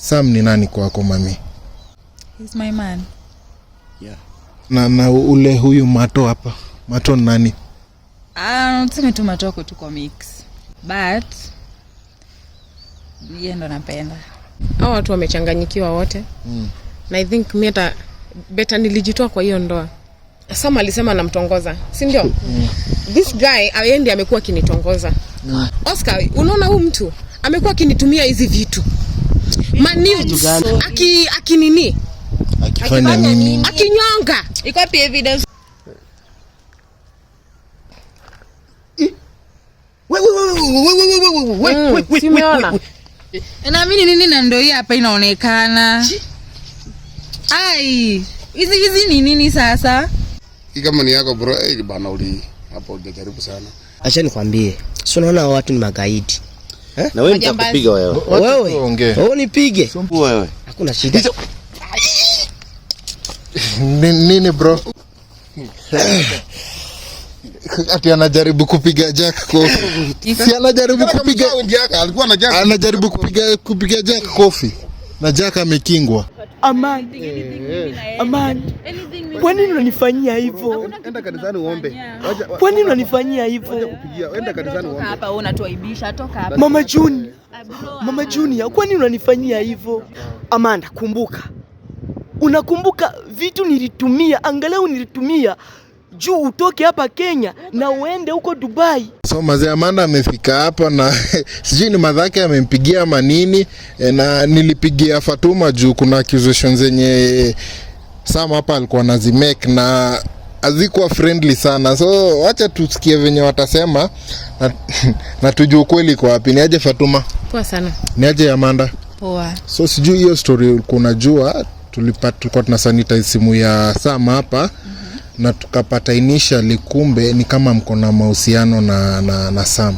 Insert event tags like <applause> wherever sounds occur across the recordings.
Sam ni nani kwako mami? He's my man. Yeah. Na, na ule huyu Mato hapa, Mato ni nani? Ah, tuseme tu Mato ako tu kwa mix. But yeye ndo napenda. Hao watu wamechanganyikiwa wote. Mm. Na I think mimi hata beta nilijitoa kwa hiyo ndoa. Sam alisema namtongoza, si ndio? Mm. This guy aendi amekuwa akinitongoza. Mm. Oscar, unaona huu mtu amekuwa akinitumia hizi vitu manils aki akinini akifanya nini akinyonga iko evidence naamini nini na ndio hii hapa inaonekana. Ai, hizi hizi ni nini sasa? Kama ni yako bro, eh bana uli hapo ungejaribu sana. Acha nikwambie. Si unaona watu ni magaidi. Eh? Na wewe nitakupiga wewe. Wewe ongea. Wewe nipige. Wewe. Hakuna shida. Nini bro? Ati anajaribu kupiga jack kofi. <laughs> Si anajaribu kupiga alikuwa anajaribu kupiga kupiga jack kofi na Jaka amekingwa. Amani, amani, eh, eh, eh. kwa nini unanifanyia hivyo? Enda kanisani uombe. Kwa nini unanifanyia hivyo? Enda kanisani uombe. Hapa wewe unatuaibisha, toka hapa. Mama Juni, Mama Juni, kwa nini unanifanyia hivyo? Amanda, kumbuka, unakumbuka vitu nilitumia, angalau nilitumia juu utoke hapa Kenya na uende huko Dubai. So mzee Amanda amefika hapa na <laughs> sijui ni madhake amempigia ama nini, e, na nilipigia Fatuma juu kuna accusation zenye Sam hapa alikuwa anazimake na hazikuwa friendly sana, so wacha tusikie venye watasema na, <laughs> na tujue ukweli kwa wapi. Niaje Fatuma? Poa sana. Niaje Amanda? Poa. So sijui hiyo story ulikuwa unajua, tulikuwa tuna sanitize simu ya Sam hapa mm. -hmm na tukapata initially kumbe ni kama mko na mahusiano na, na, na Sam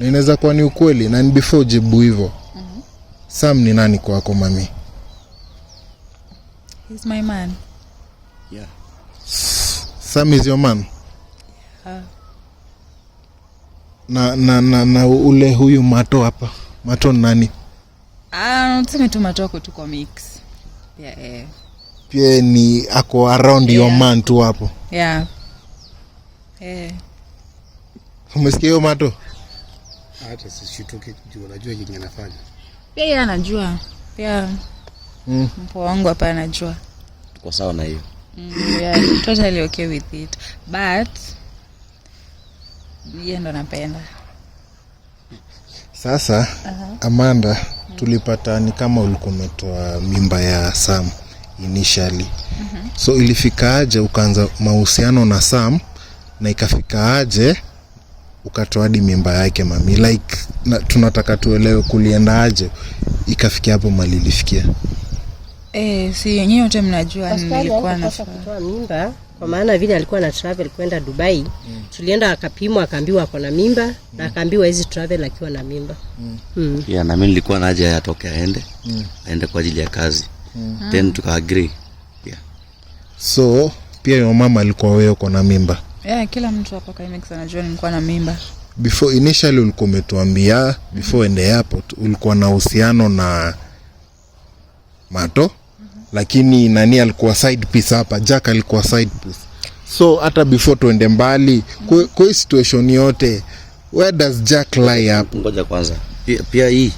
na inaweza kuwa ni ukweli na ni before jibu hivyo mm -hmm. Sam ni nani kwako mami? He's my man. Yeah. Sam is your man? Yeah. Na, na, na, na ule huyu Mato hapa Mato nani? Ah, tuseme tu Mato kwa tuko mix. Yeah, yeah pia ni ako around yeah. your man tu hapo yeah. yeah. Umesikia hiyo mato? Hata sishituke juu unajua yenye anafanya. Pia yeye anajua. Pia mm. Mpo wangu hapa anajua. Tuko sawa na hiyo. Mm, yeah, totally okay with it. But yeye ndo napenda. Sasa uh -huh. Amanda, tulipata ni kama ulikuwa umetoa mimba ya Sam initially mm -hmm. So ilifikaje ukaanza mahusiano na Sam na ikafikaaje ukatoa hadi mimba yake mami? Like na, tunataka tuelewe kuliendaje ikafikia hapo mali ilifikia. eh, si yenyewe wote mnajua nilikuwa na mimba kwa maana vile alikuwa na travel kwenda Dubai mm. Tulienda akapimwa akaambiwa ako na mimba mm. na akaambiwa hizi travel akiwa na mimba mm. mm. Yeah, na mimi nilikuwa na haja aende mm. aende kwa ajili ya kazi mm. Then tuka agree yeah. So pia your mama alikuwa wewe uko na mimba? Yeah, kila mtu hapa Kaimex anajua nilikuwa na mimba. Before initially ulikuwa umetuambia before ende hapo ulikuwa na uhusiano na Mato mm -hmm. Lakini nani alikuwa side piece hapa, Jack alikuwa side piece. So hata before tuende mbali mhm. kwa hii situation yote where does Jack lie hapo? Ngoja kwanza pia, pia hii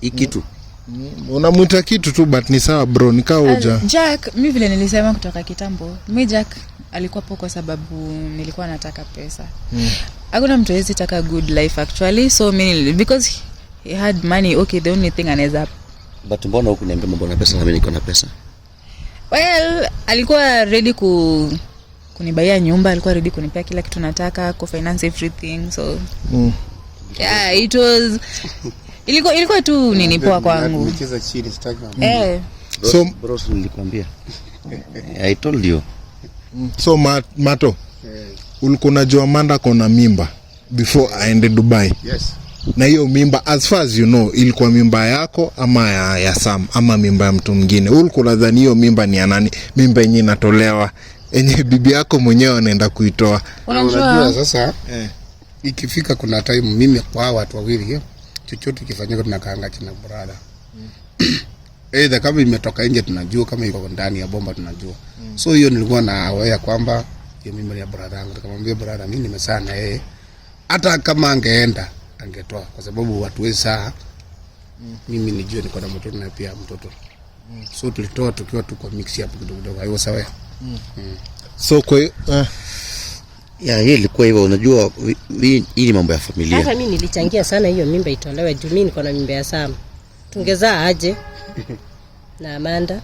hii kitu mm. Mm, unamwita kitu tu but ni sawa bro, nikaa uja Jack. Mi vile nilisema kutoka kitambo, mi Jack alikuwa po kwa sababu nilikuwa nataka pesa. Mm. Hakuna mtu awezi taka good life actually, so mi because he had money, okay, the only thing anaweza but mbona huku niambia mambo na pesa na mimi niko na pesa? Well, alikuwa ready ku kunibaia nyumba, alikuwa ready kunipea kila kitu nataka, kufinance everything so mm. yeah, it was Ilikuwa ilikuwa tu nini poa kwangu. Nicheza chini sitaki. Eh. So bro, nilikwambia. <laughs> I told you. So Mato. Eh. Ulikuwa unajua Amanda kona mimba before eh. aende Dubai. Yes. Na hiyo mimba as far as you know ilikuwa mimba yako ama ya, ya Sam ama mimba ya mtu mwingine. Ulikuwa unadhani hiyo mimba ni anani Mimba yenyewe inatolewa enye <laughs> bibi yako mwenyewe anaenda kuitoa. Unajua sasa eh, ikifika kuna time mimi kwa watu wawili hiyo chochote kifanyika, tunakaanga china brada brother <clears throat> mm. Aidha kama imetoka nje tunajua, kama iko ndani ya bomba tunajua mm. So hiyo nilikuwa na awea kwamba hiyo mimi ya brother yangu, nikamwambia brother, mimi nimesaa na yeye, hata kama angeenda angetoa, kwa sababu watu wengi saa mm. mimi nijue niko na mtoto na pia mtoto mm. So tulitoa tukiwa tuko mix up kidogo kidogo, hiyo sawa mm. mm. So kwa uh, ya, hii ilikuwa hivyo, unajua hii mambo ya familia. Hata mimi nilichangia sana hiyo mimba itolewe juu mimi niko na mimba ya Sam. Tungezaa aje na Amanda.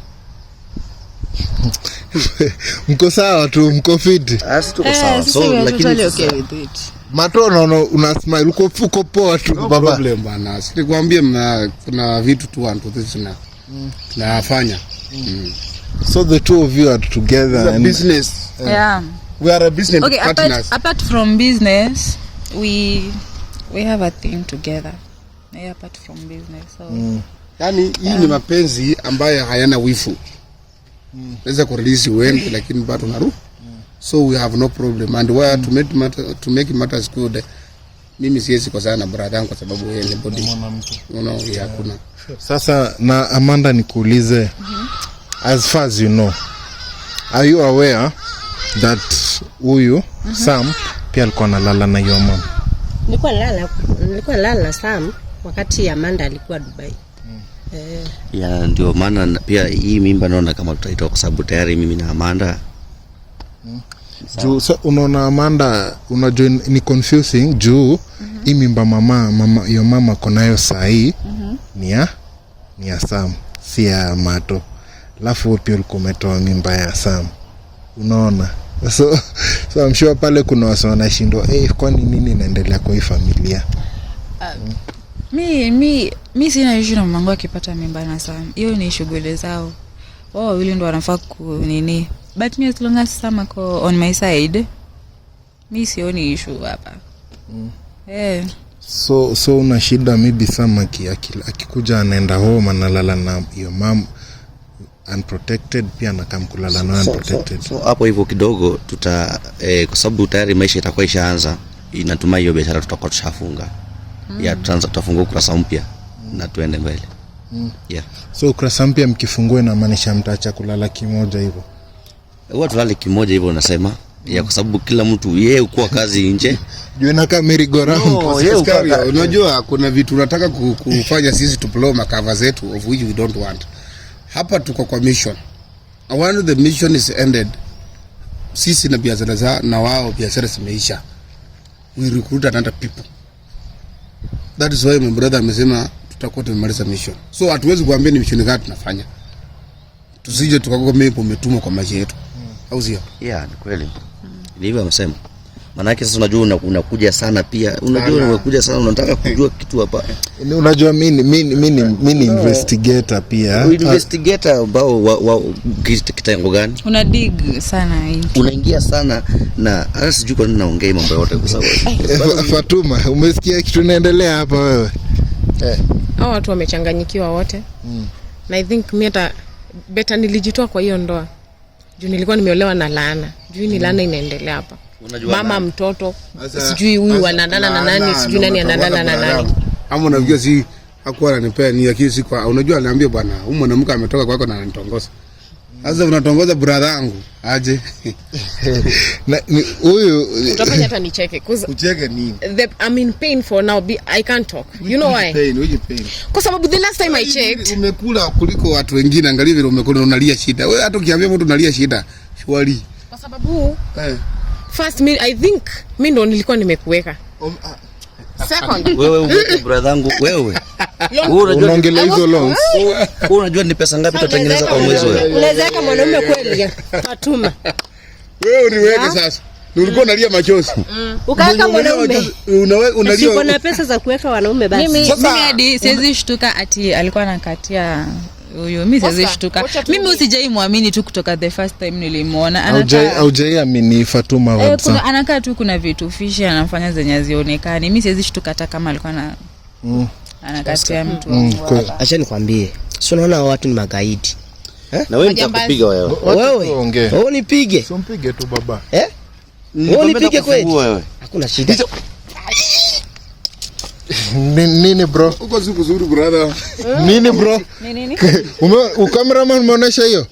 <laughs> Mko sawa tu, mko fit. asi ah, tuko eh, sawa. So lakini sasa okay with it. Mato no, no, una smile uko uko poa tu no baba. problem bana. Sikwambie mna kuna vitu tu watu na tunafanya. Mm. Mm. So the two of you are together and business. Eh. Yeah. yeah we are a business okay, partners. Apart, apart from business, we we have a thing together. Yeah, apart from business. So, mm. Yani hii um, ni mapenzi ambayo hayana wifu. Mm. Naweza kurelease uende lakini bado naru. Mm. So we have no problem and where mm. to make matter, to make matters good. Mimi siwezi kwa sana brother yangu kwa sababu yeye ni body. Mwanamke. Unaona yeye hakuna. Sasa na Amanda nikuulize. Mm -hmm. As far as you know, are you aware that huyu mm -hmm. Sam pia alikuwa analala na your mom? Nilikuwa nalala, nilikuwa nalala na Sam wakati Amanda alikuwa Dubai. Mm. Eh. Ya ndio maana pia hii mimba naona kama tutaitoa kwa sababu tayari mimi na Amanda mm. Juu sa unaona Amanda, unajua ni confusing juu mm -huh. hii mimba mama, mama yo mama konayo saa hii uh ni ya ni ya Sam si ya Mato, alafu pia ulikuwa umetoa mimba ya Sam mm unaona so, <laughs> so I'm sure pale kuna wasa wanashindwa hey, eh, kwani nini inaendelea kwa hii familia uh, mi, mi, mi sina ishu na mmangu akipata mimba na sana hiyo ni shughuli zao wao wawili ndo wanafaa kunini but mi asilonga sama ko on my side mi sioni ishu hapa mm. yeah. so so una shida maybe sama akikuja anaenda home analala na hiyo mama unprotected pia na kama kulala na unprotected. So hapo hivyo kidogo tuta eh, kwa sababu tayari maisha itakuwa ishaanza, inatumai hiyo biashara tutakuwa tushafunga. Mm. Ya tutaanza tutafungua ukurasa mpya mm. na tuende mbele. Mm. Yeah. So ukurasa mpya mkifungua inamaanisha mtaacha kulala kimoja hivyo. Huwa tulale kimoja hivyo unasema ya kwa sababu kila mtu yeye ukuwa kazi nje juu inakaa merry go round. Unajua kuna vitu unataka kufanya sisi tuploma cover zetu of which we don't want mm hapa tuko kwa mission. When the mission is ended, sisi na biashara za na wao biashara zimeisha. We recruit another people. That is why my brother amesema tutakuwa tumemaliza mission. So hatuwezi kuambia ni mission gani tunafanya. Tusije tukakuwa mimi pometuma kwa maisha yetu. Hmm. Au sio? Yeah, ni kweli. Ni hivyo amesema. Manake sasa unajua una, unakuja sana pia, unajua unakuja sana, unataka <laughs> kujua kitu hapa. Yaani unajua mimi mimi mimi ni <laughs> investigator pia, investigator ambao wa kitengo gani, una dig sana, hii. unaingia sana na hata sijui kwa nini naongea mambo yote kwa sababu <laughs> Fatuma, umesikia kitu inaendelea hapa wewe eh? Hao watu wamechanganyikiwa wote mm. na I think mimi hata better nilijitoa kwa hiyo ndoa juu nilikuwa nimeolewa na laana juu ni mm. laana inaendelea hapa mama mtoto sijui huyu anadala na nani sijui nani anadala na nani ama unajua si hakuwa ananipea ni lakini si kwa unajua aliambia bwana huyu mwanamke ametoka kwako na ananitongoza sasa unatongoza brother yangu aje <laughs> huyu utafanya hata nicheke ucheke nini the, I'm in pain for now be, I can't talk you know why pain, which pain? kwa sababu the last time I checked umekula kuliko watu wengine angalia vile umekula unalia shida wewe hata ukiambia mtu unalia shida shwari kwa sababu eh First, me I think mi ndo nilikuwa nimekuweka. Um, ah, Second. Ah, ah, wewe <laughs> wewe brother wangu wewe. Unaongelea hizo loans. Wewe unajua ni pesa ngapi tutatengeneza kwa mwezi wewe? Unaweza weka mwanaume kweli? <laughs> Fatuma. Wewe niweke sasa. Ulikuwa mm. mm. mm. unalia machozi. Ukaweka mwanaume. Unalia. Uko pesa za kuweka wanaume basi. Mimi hadi siwezi shtuka ati alikuwa anakatia huyo mimi siwezi shtuka. Mimi usijai muamini tu kutoka the first time nilimuona. Haujai amini Fatuma Vabsa. Eh, anakaa tu kuna vitu fishi anafanya zenye hazionekani. Mimi siwezi shtuka hata kama alikuwa na mm. anakatia mtu. Mm. Acha nikwambie. Sio naona watu ni magaidi. Eh? Na wewe nitakupiga wewe. Wewe. Wewe nipige. sio mpige tu baba. Eh? Mm, wewe nipige kweli. Hakuna shida nini bro? Uko siku nzuri brother. <laughs> Nini bro? <laughs> Nini? Ukameraman umeonesha hiyo?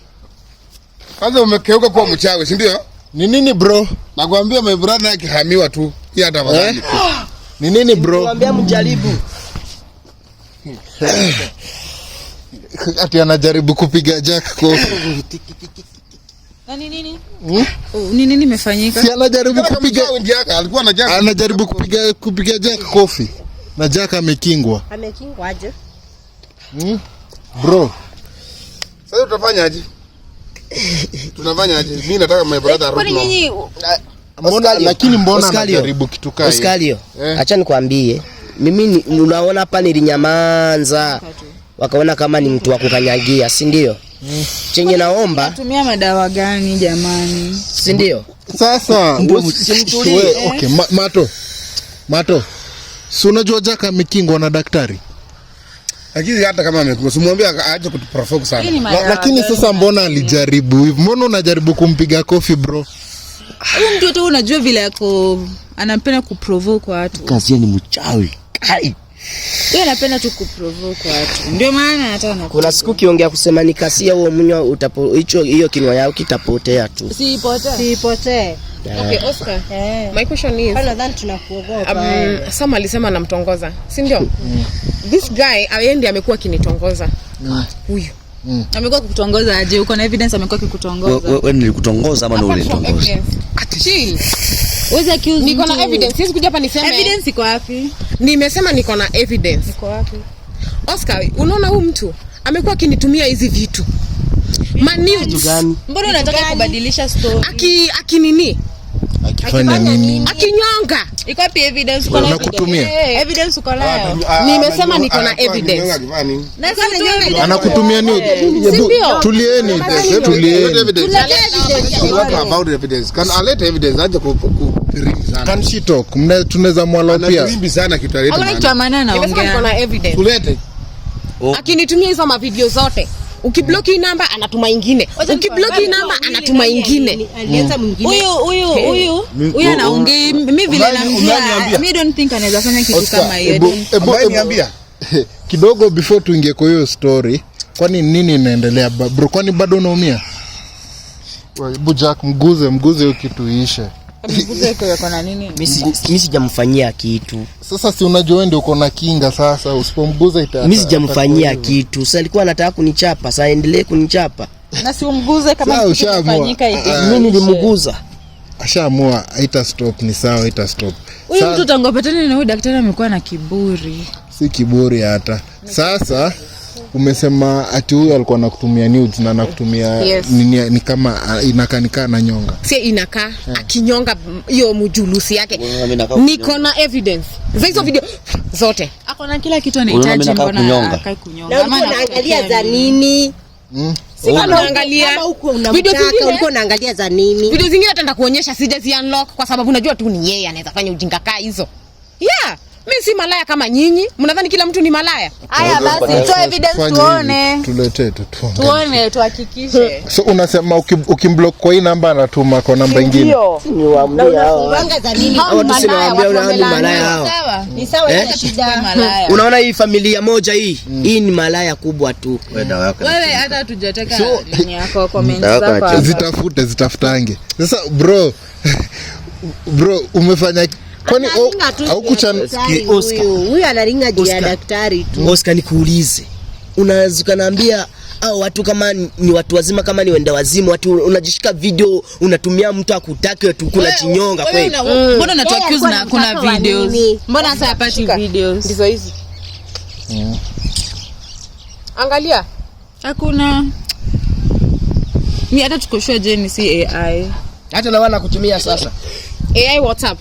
Kwanza umekeuka kuwa mchawi, si ndio? Ni nini bro? Nakwambia my brother akihamiwa tu. Hii hata eh? <gasps> Ni nini bro? Nakwambia mjaribu. <sighs> Ati anajaribu kupiga jack kwa nini nini? Hmm? Oh, nini nini imefanyika? Si anajaribu kupiga kupiga kupiga jack kofi na Jack amekingwa. Amekingwaje? aje? Hmm? Bro. Sasa tutafanya aje? Tunafanya aje? Mimi nataka my brother arudi. Kwa nini? Mbona lakini mbona anajaribu kitu kai? Oscario. Eh. Acha nikwambie. Mimi ni, unaona hapa nilinyamanza. Wakaona kama ni mtu wa kukanyagia, si ndio? Mm. Chenye naomba tumia madawa gani jamani? Si ndio? Sasa, wewe okay, ma, mato. Mato. Si unajua Jaka amekingwa na daktari, lakini hata kama amekuwa, simwambia aache kutuprovoke sana. Lakini sasa mbona alijaribu hivi? Mbona unajaribu kumpiga kofi bro? Huyu tu unajua vile yako anampenda kuprovoke watu. Kazi ni mchawi. Kai. Yeye anapenda tu kuprovoke watu. Ndio maana hata anakuwa. Kuna siku kiongea kusema ni kasia huo mnywa utapo hicho hiyo kinwa yao kitapotea tu. Siipotee. Siipotee. Okay, Oscar. Yeah. My question is, um, Sam alisema namtongoza, si ndio? Mm. This guy aende amekuwa akinitongoza. Mm. Huyu. Mm. Amekuwa kukutongoza aje? Uko na evidence amekuwa akikutongoza. Wewe nilikutongoza ama ulinitongoza? Chill. Uweze accuse. Niko na evidence. Siwezi kuja hapa niseme. Evidence iko wapi? Nimesema niko na evidence. Iko wapi? Oscar, unaona huyu mtu amekuwa akinitumia hizi vitu. Mbona unataka kubadilisha story? Aki aki nini? akifanya mimi Akinyonga. Iko wapi evidence? Kwa eh, eh, ah, ah, ah, na evidence? Evidence uko leo Nimesema niko na evidence. Naweza nyonga Anakutumia nini? Tulieni, tulieni. About evidence. Can I let evidence aje ku Can she talk? Tunaweza mwala pia. Anakuimbi sana kitu aleta. Alete maneno anaongea. Kulete. Akinitumia hizo mavideo zote ukibloki hii namba anatuma ingine, ukibloki hii namba anatuma ingine. Hmm. Huyu huyu huyu huyu oh, anaongea mimi oh. vile naambia. Mimi don't think anaweza fanya kitu kama hiyo. Hebu niambia <laughs> kidogo before tuingie kwa hiyo story. Kwani nini inaendelea bro? Kwani bado unaumia? Hebu Jack mguze mguze hiyo kitu iishe mimi sijamfanyia kitu. Sasa si unajua uko na kinga sasa, usipomguza mi sijamfanyia kitu. sa alikuwa anataka kunichapa, sasa endelee kunichapa ah. mi nilimguza. Ashaamua aita stop, ni sawa, aita stop. Huyu mtu tangu apatane na huyu daktari amekuwa na kiburi, si kiburi hata sasa Umesema ati huyo alikuwa nakutumia nudes na nakutumia yes. Ni, ni kama inakaa nikaa nyonga si inakaa yeah. Akinyonga hiyo mjulusi yake niko na evidence za hizo video zote, ako na kila kitu anahitaji. Mbona akai kunyonga? Ama anaangalia za nini? Mm. Unaangalia za nini? Video zingine hata ndakuonyesha sijazi unlock kwa sababu unajua tu ni yeye anaweza fanya ujinga kaa hizo yeah. Mimi si malaya kama nyinyi. Mnadhani kila mtu ni malaya? Haya basi, toa evidence tuone. Tuletee tu tuone, Tuone tuhakikishe. <laughs> So unasema ukimblock kwa hii namba anatuma kwa namba nyingine. Ni ni Ni waambie hao. Hao Wanga za nini? malaya, malaya sawa, Unaona hii familia moja hii mm. hii ni malaya kubwa tu. Wewe hata tujateka nini yako <laughs> comments zako. Zitafute zitafutange. Sasa bro, <laughs> bro umefanya Kwani huyu anaringa juu ya daktari tu. Oscar, nikuulize, unaweza ukaniambia au ah, watu kama ni watu wazima kama ni wenda wazima watu unajishika video unatumia mtu akutake tu mm. kuna chinyonga kweli? Mbona na na kuna videos? Mbona sasa hapati videos? Ndizo hizi. Yeah. Mm. Angalia. Hakuna. Mimi hata tukoshwa je, ni si AI. Hata na wana kutumia sasa. AI WhatsApp.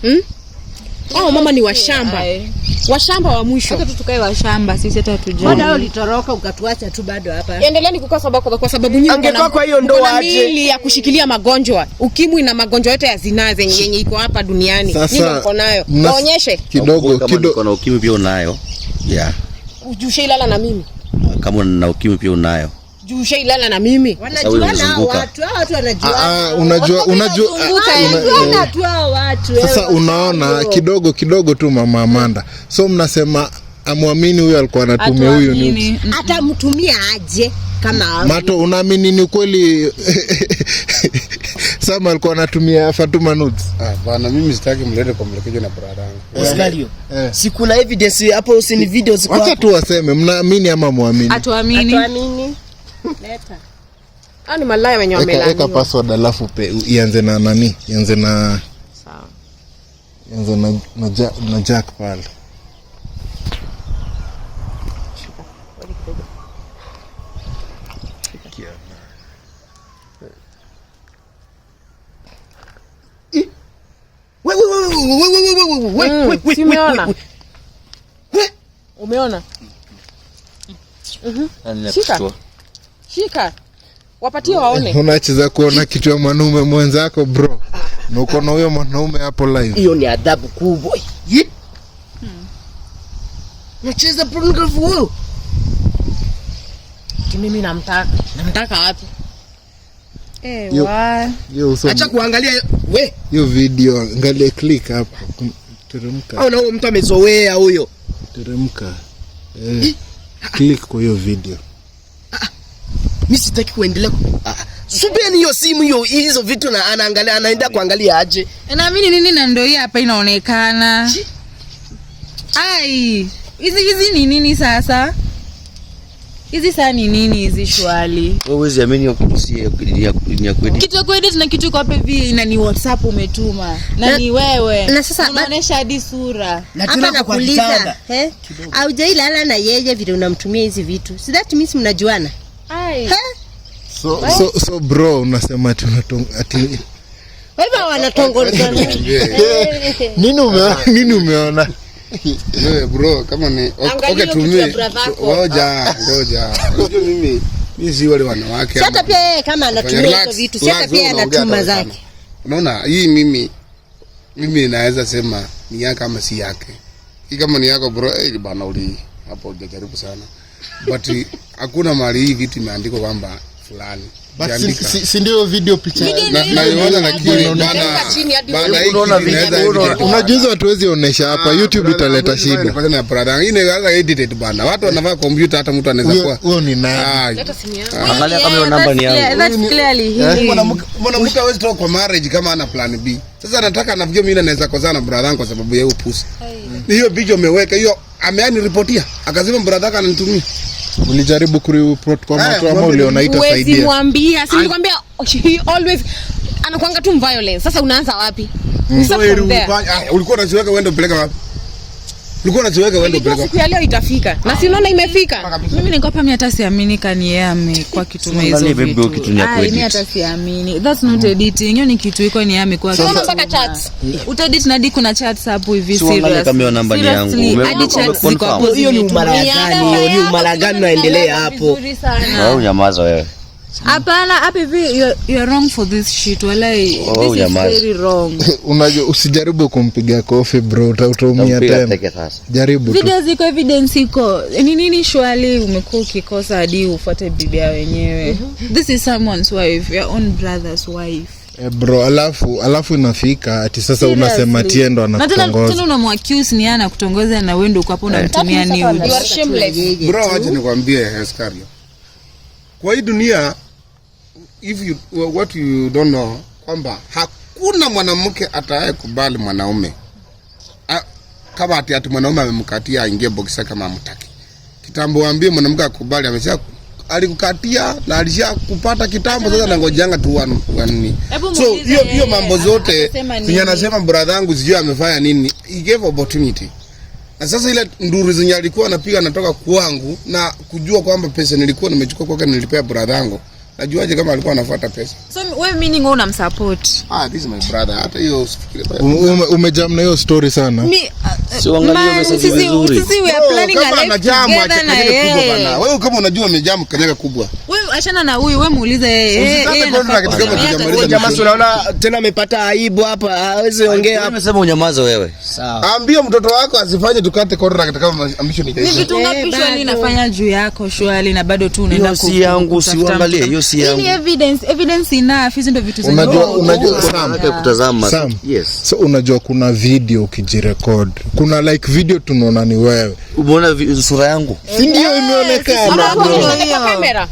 Hmm? Oh, mama ni washamba washamba wa mwisho. Hata tukae washamba sisi, hata tujue. Bado ulitoroka hmm. ukatuacha tu bado hapa. Endeleeni kukaa sababu kwa sababu nyingi angekuwa kwa hiyo ndoa aje. Miili ya kushikilia magonjwa. Ukimwi na magonjwa yote ya zinaa zenye yenye iko hapa duniani. Nyinyi mko nayo. Waonyeshe. Kidogo kidogo. kuna ukimwi pia unayo. Yeah. Ujushe ilala na mimi. Kama na ukimwi pia unayo juu ushailala na mimi. Sasa unaona kidogo kidogo tu, mama Amanda, so mnasema amwamini huyo alikuwa anatumia huyu nini? Atamtumia aje kama Mato, unaamini ni kweli? <laughs> Sama alikuwa anatumia Fatuma nudes. Ah, bana mimi sitaki mlete kwa complication na brada yangu. Usikalio. Si kuna evidence hapo, usini videos kwa. Wacha tu waseme mnaamini ama muamini? Atuamini. Atuamini. Leta. Ah, ni malaya wenye wamelaniwa. password alafu ianze na nani? Ianze na Ianze na na Jack, na Jack pale. Umeona? Shika. Shika. Wapatie waone. <laughs> Unacheza kuona kitu ya mwanaume mwenzako bro. Na uko na huyo mwanaume hapo live. Hiyo ni adhabu kubwa. Hmm. Nacheza pornografi huyo. Mimi namtaka. Namtaka wapi? Eh, Acha kuangalia we. Hiyo video angalia click hapo. Teremka. Au na huyo mtu amezoea huyo. Teremka. Eh. Click kwa hiyo video mi sitaki kuendelea. Ah, Subeni hiyo simu hiyo hizo vitu na anaangalia anaenda kuangalia aje. Eh, naamini nini na ndio hii hapa inaonekana. Ai, hizi hizi ni nini sasa? Hizi saa ni nini hizi shwali? Wewe huwezi amini ya kusia ya kweli. Kitu ya kweli tuna kitu kwa hivi na ni WhatsApp umetuma. Na ni wewe. Na sasa unaonesha hadi sura. Na tena kwa nakuuliza. Eh? Au lala na yeye vile unamtumia hizi vitu. Si that means mnajuana? So, so, so bro unasema ati ati wewe wanatongoza <laughs> nini? Ah, umeona nini? Umeona wewe bro, kama ni okay, tumie ngoja ah. ngoja, <laughs> unajua mimi mimi si wale wanawake. Sasa pia yeye kama anatumia hizo vitu, sasa pia anatuma zake. Unaona hii mimi mimi naweza sema ni yake ama si yake. Hii kama ni yako bro, eh bana, uli hapo ujajaribu sana but eh, hakuna mahali hii vitu imeandikwa kwamba fulani si ndio video picha unajuza watu wezi onesha hapa ah, YouTube italeta shida bana watu eh. wanavaa kompyuta hata mtu anaweza kuwa huyo ni nani ah, ah. angalia kama hiyo namba ni yangu eh. mwanamke hawezi toka kwa marriage kama ana plan B sasa nataka nafikiri mimi naweza kozana na brother yangu kwa sababu ya hiyo pusi hiyo video umeweka hiyo, ameaniripotia akasema brother yake ananitumia. Ulijaribu kureport kwa eh, mtu ama uliona itasaidia? Huwezi mwambia, si nilikwambia he always anakuanga tu violence. Sasa unaanza wapi? Ah, ulikuwa unaziweka uende upeleka wapi? Ulikuwa unaziweka wewe ndio peleka. Siku ya leo itafika. Na si unaona imefika. Mimi ningopa mimi hata siamini kani yame kwa kitu na hizo vitu. Ah, mimi hata siamini. That's not editing. Hiyo ni kitu iko ni yame kwa. Sio mpaka chats. Utaedit na diku na chats hapo hivi serious. Sio kama namba yangu. Hadi chats ziko hapo. Hiyo ni umara gani? Hiyo ni umara gani naendelea yaani, hapo? Wewe unyamaza wewe. Hapana, hapi hivi you are wrong for this shit. Walai, oh, this yeah, is very wrong. <laughs> Unajua usijaribu kumpiga kofi bro, utaumia tena. Jaribu tu. Video ziko evidence iko. Eh, ni nini shwali umekuwa ukikosa hadi ufuate bibia wenyewe. Mhm. This is someone's wife, your own brother's wife. Eh, bro, alafu alafu inafika ati sasa unasema tiendo anakutongoza. Tena unamwaccuse ni ana kutongoza na wewe ndio uko hapo eh. unamtumia news. Bro, acha nikwambie Escario. Kwa hii dunia if you, what you don't know kwamba hakuna mwanamke ataye kubali mwanaume kama ati ati mwanaume amemkatia aingie boksa kama amtaki. Kitambo waambie mwanamke akubali, amesha alikukatia na alisha kupata kitambo, sasa nangojanga tu wanini. So hiyo hiyo mambo zote, mimi anasema brother yangu sijui amefanya nini, he gave opportunity na sasa ile nduru zenye alikuwa anapiga anatoka kwangu na kujua kwamba pesa nilikuwa nimechukua kwake nilipea brother yangu. Najuaje kama alikuwa anafuata pesa? So wewe meaning wewe unamsupport? Ah, this is my brother. Hata hiyo usifikirie. Umejam na hiyo story sana. Ni uh, sio angalia hiyo message vizuri. Sisi we are oh, planning a life together na yeye. Wewe kama unajua umejam kanyaga kubwa. Wewe achana na huyu, wewe muulize yeye. Wewe Jamaa unaona tena amepata aibu hapa, hawezi ongea. Amesema unyamaze wewe. Sawa. Ambia mtoto wako asifanye tukate corner kama ambisho Ni Ni vitu ngapi eh, shwali nafanya juu yako shwali na bado tu unaenda ku. Si yangu siangalie hiyo kesi yangu. Ni evidence, evidence enough, hizo ndio vitu zenyewe. Unajua, oh, unajua oh, sana kutazama. Sam. Yes. So unajua kuna video ukijirecord. Kuna like video tunaona ni wewe. Umeona sura yangu? Eh, ndio imeonekana. Unaona kamera.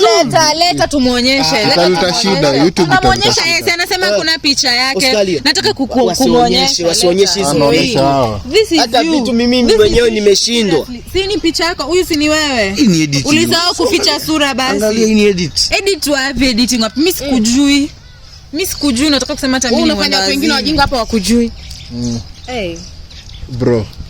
Leta, leta tumuonyeshe. Ah, leta shida YouTube itaonyesha yeye anasema eh, kuna picha yake. Nataka kumuonyesha. Wasionyeshe hizo hizi. Hata vitu mimi mwenyewe nimeshindwa. Si ni picha yako, huyu si ni wewe. Ulisahau kuficha sura basi. Angalia hii ni edit. Edit wapi, editing wapi? Mimi sikujui. Mimi sikujui, nataka kusema hata mimi. Unafanya wengine wajinga hapa wakujui. Mm. Eh. Bro.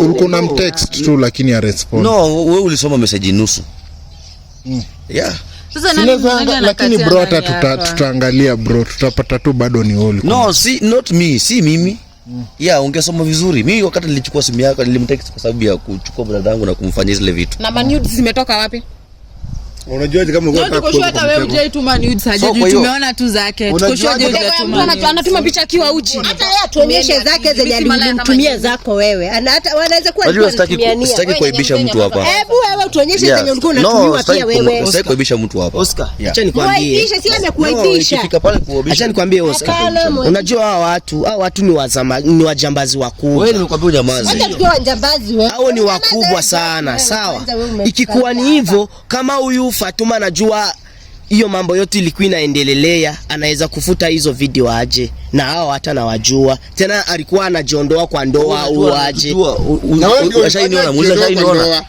Ulikuna eh, mtext tu lakini No, ulisoma message nusu. Mm. Yeah. lakini bro hata tuta, tutaangalia bro tutapata tu bado ni No, si not me, si mimi. Mm. Yeah, ungesoma vizuri. mi wakati nilichukua simu yako nilimtext kwa sababu ya kuchukua bradhangu na kumfanyia zile vitu. Na zimetoka wapi? Anatuma picha akiwa uchi. zake zenye alimtumia zako wewe. Sitaki kuaibisha mtu hapa. Hebu wewe zenye ulikuwa unatumiwa pia wewe. Sitaki kuaibisha mtu hapa. acha nikwambie. Oscar. Unajua watu, watu ni ni wajambazi wakubwa. Wewe nimekuambia ujambazi. Hata tukiwa wajambazi wewe. Hao ni wakubwa sana, sawa? Ikikuwa ni hivyo kama huyu Fatuma anajua hiyo mambo yote ilikuwa inaendelelea, anaweza kufuta hizo video aje, na hao hata nawajua tena, alikuwa anajiondoa kwa ndoa au aje?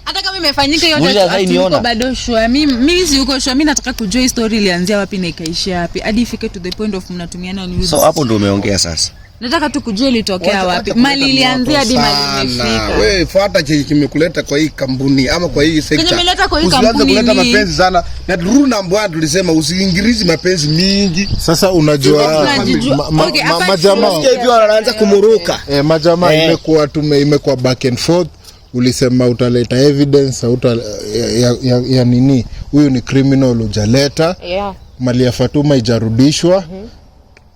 Hata kama imefanyika yote, bado shwa mimi mimi si uko shwa, mimi nataka kujua story ilianzia wapi na ikaishia wapi hadi ifike to the point of mnatumiana. So hapo ndio umeongea sasa Nataka tu kujua ilitokea wapi, mali ilianzia di mali imefika. fuata chenye kimekuleta kwa hii kampuni ama kwa hii sekta. Kimeleta kwa hii kampuni. Usianze kuleta mapenzi sana. Na ru number 1 tulisema usiingirizi mapenzi mingi. Sasa unajua majamaa hivi wanaanza eh, kumuruka. Eh, eh majamaa eh. imekuwa tume imekuwa back and forth. Ulisema utaleta evidence ya, ya, ya, ya nini? Huyu ni criminal ujaleta. Yeah. Mali ya Fatuma ijarudishwa. Mm -hmm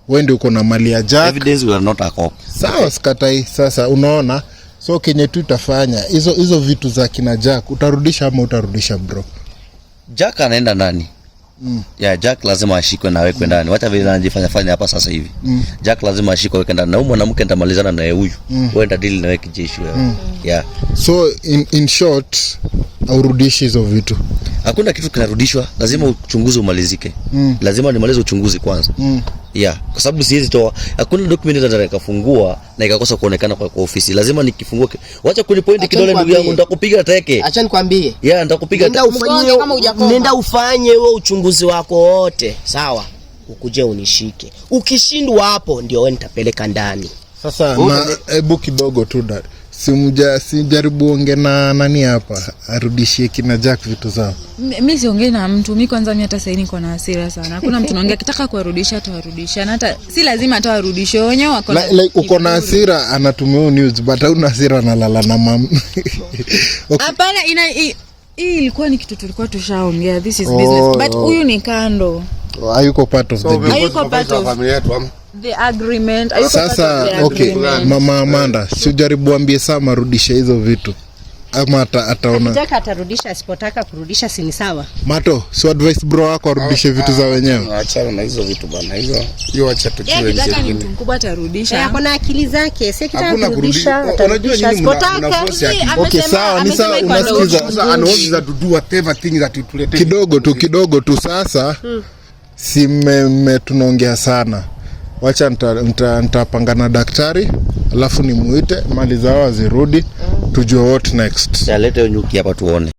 wendi uko na mali ya Jack. Sawa, skatai Sasa unaona, so kenye tu utafanya hizo hizo vitu za kina Jack utarudisha ama utarudisha bro? Jack anaenda ndani. Mm. Ya Jack lazima ashikwe na awekwe mm. ndani. Wacha vile anajifanya fanya hapa sasa hivi. Mm. Jack lazima ashikwe awekwe ndani. Na huyu mwanamke nitamalizana naye huyu. Mm. Wewe ndio na wewe kijeshi wewe. Mm. Yeah. So in, in short aurudishi hizo vitu. Hakuna kitu kinarudishwa, lazima uchunguzi umalizike. Mm. Lazima nimalize uchunguzi kwanza. Mm. Yeah, kwa sababu siwezi toa. Hakuna document hata nikafungua na ikakosa kuonekana kwa, kwa ofisi. Lazima nikifungua. Wacha kunipoint kidole ndugu yangu, nitakupiga teke. Acha nikwambie. Yeah, nitakupiga. Nenda ufanye kama hujakoma. Nenda ufanye wewe uchunguzi wako wote. Sawa? Ukuje unishike. Ukishindwa hapo ndio wewe nitapeleka ndani. Sasa hebu kidogo tu dada. Simjaribu onge na nani hapa arudishie kina Jack vitu zao. Mi siongei na mtu mi, kwanza mi hata sasa niko na hasira sana. hakuna mtu naongea kitaka kuwarudisha atawarudisha, na hata si lazima atawarudishe wenye wako like, uko na hasira anatumia news but hauna hasira analala na mama <laughs> hapana. okay. ina hii ilikuwa ni kitu tulikuwa tushaongea, this is business oh, but oh. huyu oh. ni kando hayuko part of the hayuko part of familia yetu The agreement. Sasa the okay, Mama Amanda, si ujaribu ambie saa marudishe hizo vitu ama ata, ataona atarudisha, asipotaka kurudisha si sawa. Mato, si advice bro wako arudishe ah, vitu za ah, wenyewe. Achana na hizo vitu bana, hizo acha yaani mkubwa atarudisha. Eh, na akili zake, si kurudisha. Unajua Okay, sawa, ni sawa, unasikiza. to do whatever thing that you tulete. Kidogo tu, kidogo tu sasa. Hmm. Si mme tunaongea sana wacha nitapanga na daktari alafu nimuite mali zao azirudi, tujue what next. Alete nyuki hapa tuone.